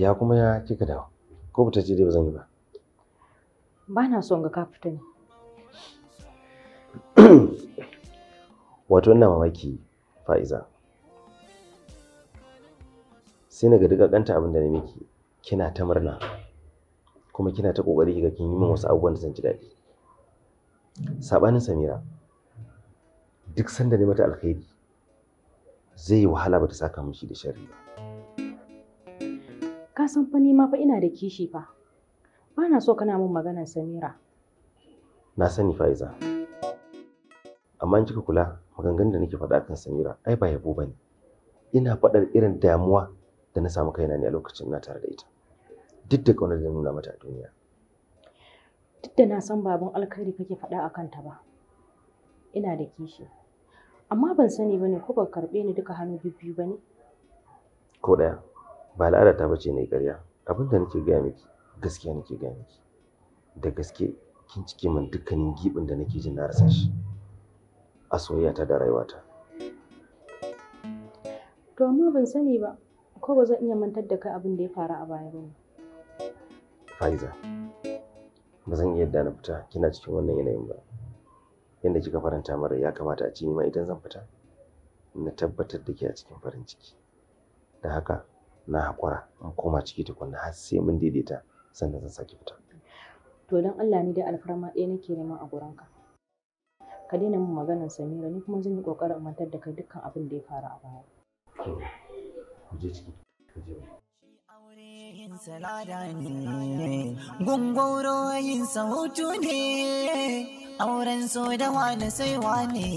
Ya kuma ya kika dawo? Ko ba ta dai ba zan yi ba? Ba na son ga ka fita ne. Wato ina mamaki fa'iza. Sai na ga duk abin da na miki kina ta murna. kuma kina ta kokari kiga kin yi min wasu abubuwan da zan ji daɗi sabanin samira duk sanda ne mata alkhairi zai yi wahala bata saka mishi da sharri ba ka san fa ni ma fa ina da kishi fa ba na so kana min maganar samira na sani fa'iza amma in kika kula maganganun da nake faɗa kan samira ai ba yabo bane ina faɗar irin damuwa da na samu kaina ne a lokacin na tare da ita duk da ƙaunar da nuna mata a duniya duk da na san baban alkhairi kake faɗa a kanta ba ina da kishi amma ban sani ba ne ko ba karɓe ni duka hannu biyu ba ne ko ɗaya ba al'ada ta bace ne ƙarya abin da nake gaya miki gaskiya nake gaya miki da gaske kin cike min dukkanin giɓin da nake jin na rasa shi a soyayyata da rayuwata to amma ban sani ba ko ba zan iya mantar da kai abin da ya faru a baya ba ne Pfizer ba zan iya yadda na fita kina cikin wannan yanayin ba. Yanda kika faranta mara ya kamata a ce ma idan zan fita na tabbatar da ke a cikin farin ciki. Da haka na haƙura in koma ciki tukunna har sai mun daidaita sannan zan sake fita. To don Allah ni dai alfarma ɗaya nake nema a gurin Ka ka daina min maganar Samira ni kuma zan yi ƙoƙarin mantar da kai dukkan abin da ya faru a baya. Je ciki, je. yin salada sautu ne auren so da wani saiwa ne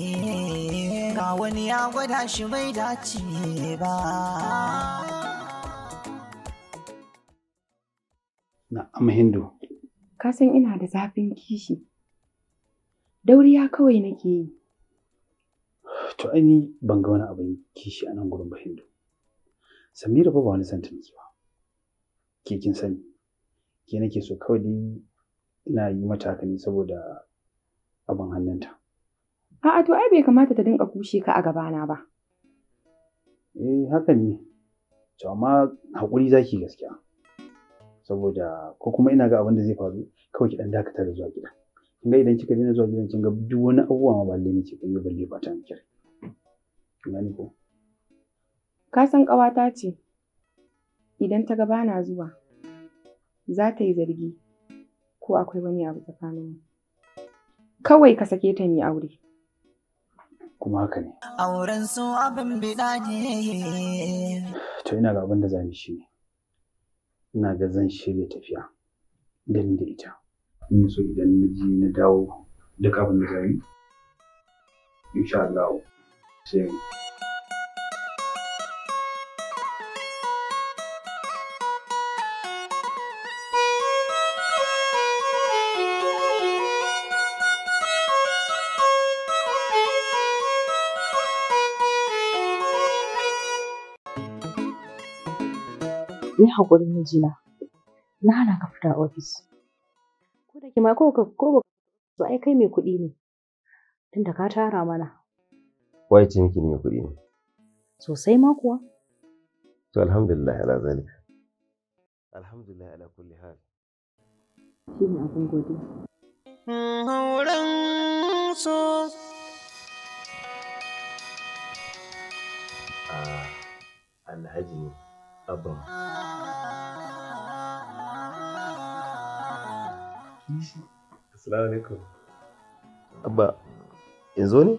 ga wani ya gwada shi bai dace ba na'am hindu ka san ina da zafin kishi dauriya kawai nake yi to ainihin ban ga wani abin kishi a nan gurin ba hindu samira ba ba wani santa nake ba ke kin sani ke nake so kawai dai ina yi mata haka ne saboda abin hannunta a'a to ai bai kamata ta dinga kushe ka a gabana ba eh haka ne to amma hakuri zaki gaskiya saboda ko kuma ina ga abin da zai faru kawai ki dan dakata da zuwa gida kin ga idan kika daina zuwa gidan kin ga duk wani abubuwa ma balle ne ke balle balle ba ta kin gani ko ka san ƙawata ce Idan ta ga bana zuwa, za ta yi zargi ko akwai wani abu tsakaninmu. Kawai ka sake ta ni aure. Kuma haka ne. Auren su abin bida ne. To ina ga abin da za shi Ina ga zan shirya tafiya da da ita. In so idan na ji na dawo duk abin da za yi. Insha Allah. Sai yi haƙuri mijina na hana ka fita ofis ko da kima ko ka ko ba to ai kai mai kuɗi ne tunda ka tara mana wai ce miki mai kuɗi ne sosai ma kuwa to alhamdulillah ala zalika alhamdulillah ala kulli hal shi abun gode hauran so ah, alhaji ne abin Assalamu alaikum. Abba, in zo ne?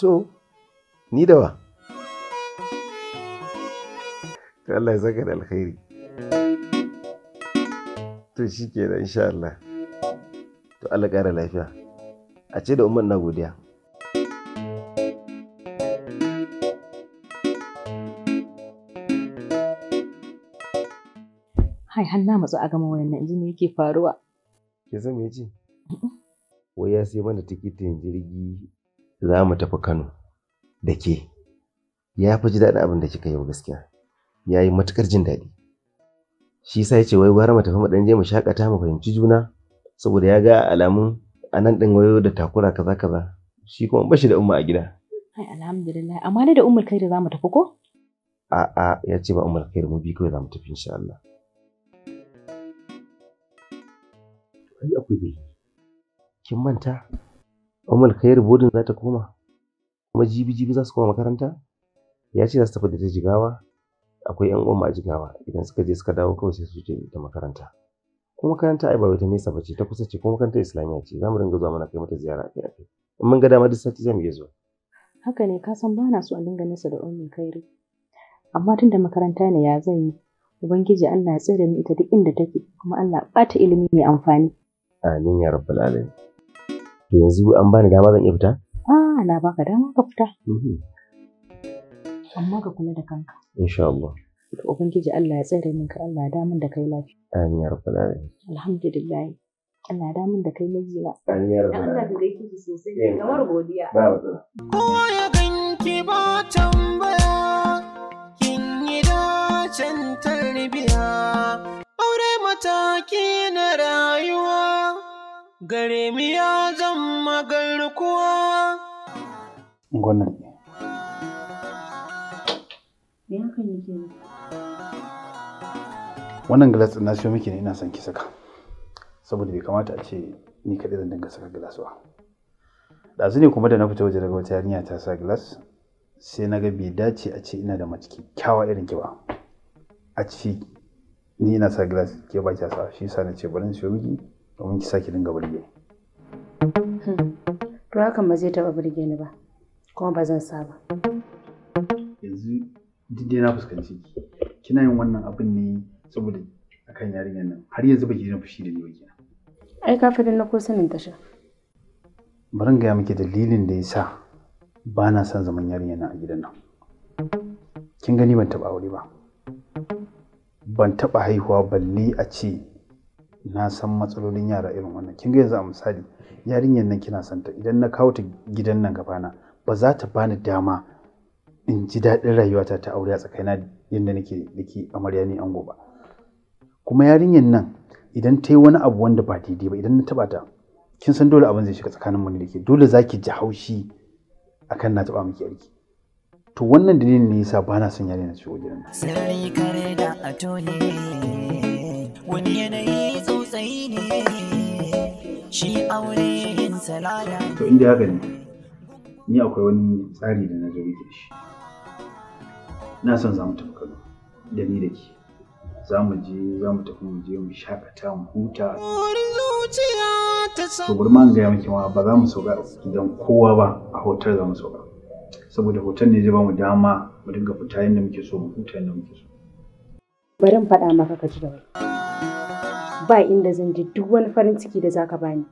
To, ni da wa? To Allah ya saka da alkhairi. To shi ke da insha Allah. To Allah ƙara lafiya. A ce da umar na godiya. har na matsu a gama wannan inji me yake faruwa ke zama me ce wai ya sai mana tikitin jirgi za mu tafi Kano da ke ya fi ji daɗin abin da kika yi gaskiya ya yi matuƙar jin daɗi shi sa ya ce wai gwara mu tafi mu ɗan je mu shakata mu fahimci juna saboda ya ga alamun a nan ɗin wayo da takura kaza kaza shi kuma bashi da umma a gida ai alhamdulillah amma ne da ummul kai da zamu tafi ko a'a ya ce ba ummul kai mu bi kawai zamu tafi insha Allah akwai kin manta umar kayar bodin za ta koma kuma jibi jibi za su koma makaranta ya ce za su tafi da ta jigawa akwai yan uwan a jigawa idan suka je suka dawo kawai sai su je ta makaranta kuma makaranta ai ba wata nesa ba ce ta kusa ce kuma makaranta islamiya ce za mu ringa zuwa mana kai mata ziyara a kai in mun ga dama duk sati zan iya zuwa haka ne ka san ba na so a dinga nesa da umar kairi amma tunda makaranta ne ya zan yi Ubangiji Allah ya tsare ni ita duk inda take kuma Allah ya bata ilimi mai amfani. Amin ya rabbal alamin. To yanzu an bani dama zan iya fita? Ah, na baka dama ka fita. Mhm. Amma ka kula da kanka. Insha Allah. To Ubangiji Allah ya tsare min ka Allah ya damun da kai lafiya. Amin ya rabbal alamin. Alhamdulillah. Allah ya damun da kai mijina. Amin ya rabbal alamin. Allah ka gaishe ki sosai. Kamar godiya. Ba ba. Ko ya ganki ba tambaya. Kin yi dacen tarbiya. Aure mataki gare mu ya zama garkuwa. Gwanar ne. Me haka ne Wannan gilas na siyo miki ne ina son ki saka. Saboda bai kamata a ce ni kaɗai zan dinga saka gilas ba. Ɗazu ne kuma da na fita waje daga wata yarinya ta sa gilas sai na ga bai dace a ce ina da mace kyakkyawa irin ki ba. A ce ni ina sa gilas ke ba ki sa shi sa na ce bari in siyo miki domin ki sake dinga burge ni. Hmm. To hakan ba zai taɓa burge ni ba, kuma ba zan sa ba. Yanzu duk dai na fuskanci Kina yin wannan abin ne saboda akan yarinyar nan. Har yanzu baki jin fushi da ni ba Ai ka fadin na ko sanin tasha. Bari in gaya miki dalilin da ya sa ba na son zaman yarinyar nan a gidan nan. Kin gani ban taɓa aure ba. Ban taɓa haihuwa balle a ce na san matsalolin yara irin wannan kin ga yanzu a misali yarinyar nan kina santa idan na kawo ta gidan nan gaba na ba za ta bani dama in ji daɗin rayuwata ta aure a tsakaina yadda nake da amarya ni ango ba kuma yarinyar nan idan ta yi wani abu wanda ba daidai ba idan na taɓa ta kin san dole abin zai shiga tsakanin mu da ke dole za ki ji haushi akan na taɓa miki yarki to wannan dalilin ne yasa ba na son yarinyar na shigo gidan nan wani yanayi to inda haka ne ni akwai wani tsari da na zo da shi na son za mu tafi Kano da ni da ke za mu je za mu tafi mu je mu shakata mu huta to bari ma gaya miki ma ba za mu sauka gidan kowa ba a hotel za mu sauka saboda hotel ne zai ba mu dama mu dinga fita yadda muke so mu huta yadda muke so bari in faɗa maka ka ji da wani. ba inda zan ji duk wani farin ciki da zaka bani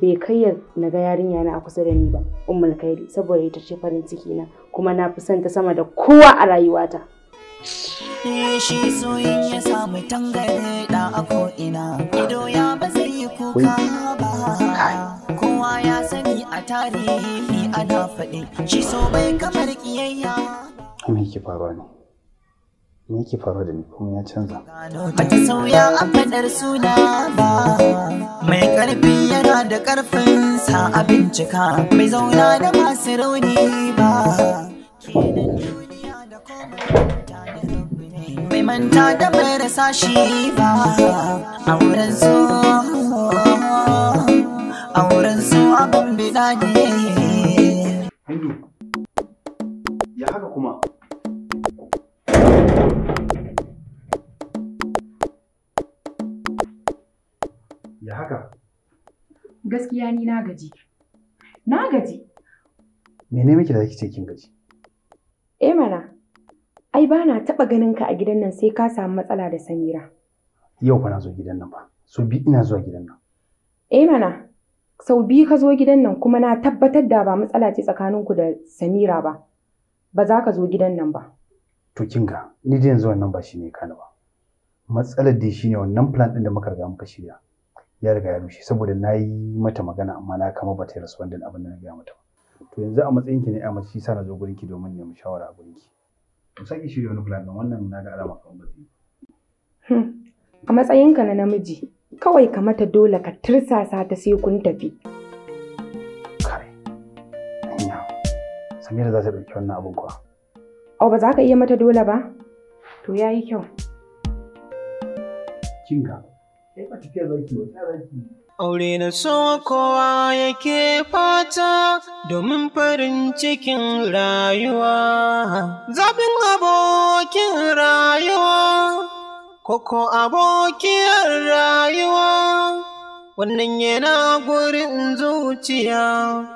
bai kai na ga yarinya na a kusa da ni ba ummul kairi saboda ita ce farin ciki na kuma na fi son ta sama da kowa a rayuwata eh, shi soyin ya samu tangare da a ko'ina ido ya ba zai yi kuka ba kowa ya sani a tarihi ana faɗi shi so bai kamar kiyayya me ke faruwa ne me yake faruwa da ni kuma ya canza ta sauya a fadar suna ba mai karfi yana da karfin sa a bincika mai zauna da masu rauni ba mai manta da bai rasa shi ba a wurin su a wurin su abin bida ne Da haka? Gaskiya ni na gaji. Na gaji. Mene miki da kike kin gaji? Eh mana, ai ba na taɓa ganin ka a gidan nan sai ka samu matsala da Samira. Yau fa na zo gidan nan ba, so bi ina zuwa gidan nan. Eh mana, sau bi ka zo gidan nan kuma na tabbatar da ba matsala ce tsakaninku da Samira ba. Ba za ka zo gidan nan ba. To kin ga ni da yanzu wannan ba shine ne kana ba. Matsalar dai shine wannan plan ɗin da muka riga muka shirya. ya riga ya rushe saboda na yi mata magana amma na kama ba ta rasu wanda abin da na gaya mata to yanzu a matsayin ki ne a mace sa na zo gurin ki domin nemi shawara a gurin ki to sai ki wani plan wannan na ga alama kamar ba hmm. a matsayinka na namiji kawai ka mata dole ka tirsasa ta sai kun tafi kai anya Samira za ta dauki wannan abin kuwa au ba za ka iya mata dole ba to yayi kyau kinga Aure na so kowa yake fata domin farin cikin rayuwa, zafin abokin rayuwa, koko abokiyar rayuwa, wannan yana gurin zuciya.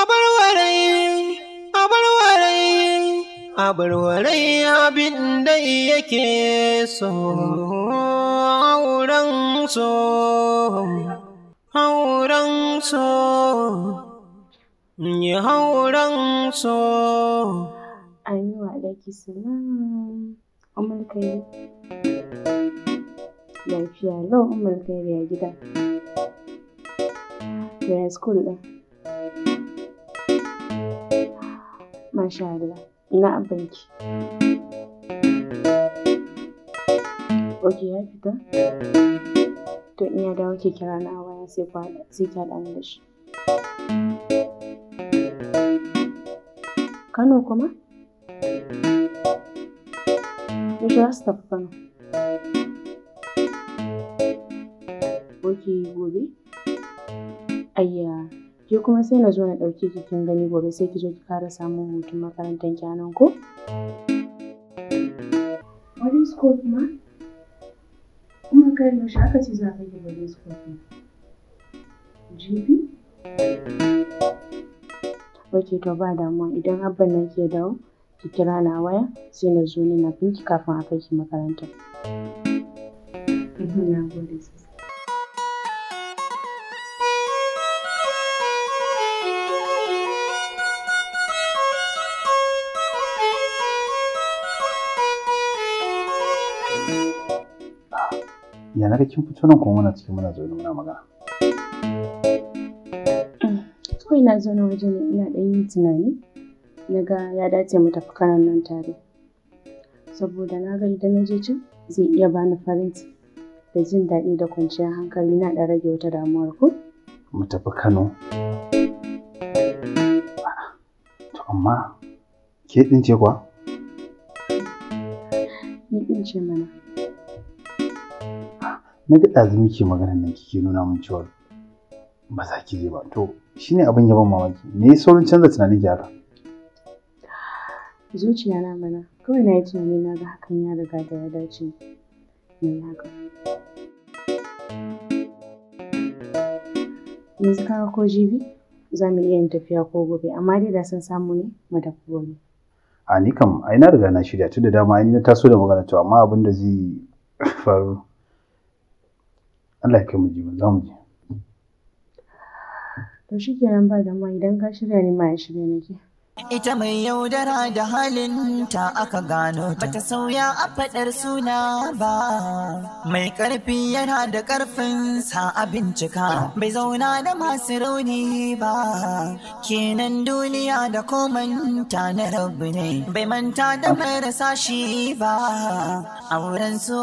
Abarwarai, abarwarai, abarwarai abin da yake so. so hauren so so amin wa alaiki salam umar kai lafiya lau umar kai ya gida ya school din masha Allah na banki Ok, ya fita? to in ya dawo ke kira na waya sai ki haɗa da shi. Kano kuma? Yaushe za su Kano? Oke gobe? Ayya, ke kuma sai na zo na ɗauke ki kin gani gobe sai ki zo ki fara samun hutun makarantar kyanan ko? Wani ko kuma? kan kare yaushe aka ce za ka gina da su jibi wace to ba damuwa idan abban na ke dawo ki kira na waya sai na zo ni na binki kafin a kai ki makaranta ya na kin fito nan kuma muna cikin muna zaune muna magana kawai na zo na waje ne ina ɗan yin tunani na ga ya dace mu tafi karan nan tare saboda na ga idan na je can zai iya bani farin ciki da jin daɗi da kwanciyar hankali na ɗan rage wata damuwar ko mu tafi kano to amma ke ɗin ce kwa ni ɗin ce mana na ga ɗazu muke maganar nan kike nuna min cewa ba za ki je ba to shine abin yaban mamaki me yasa saurin canza tunanin ki zuciya na mana kawai na yi tunani na ga hakan ya riga da ya dace ne haka yanzu kaga ko jibi za mu iya yin tafiya ko gobe amma dai da sun samu ne madafuwa ne a ni kam ai na riga na shirya tun da dama ai na taso da magana to amma abin da zai faru Allah ya kai mu jima za mu je. To shi kenan ba da ma idan ka shirya ne ma ya shirya nake. Ita mai yaudara da halinta aka gano ta sauya a faɗar suna ba. Mai ƙarfi yana da sa a bincika bai zauna da masu rauni ba. Kenan duniya da komanta na rabu ne bai manta da marasa shi ba. Auren su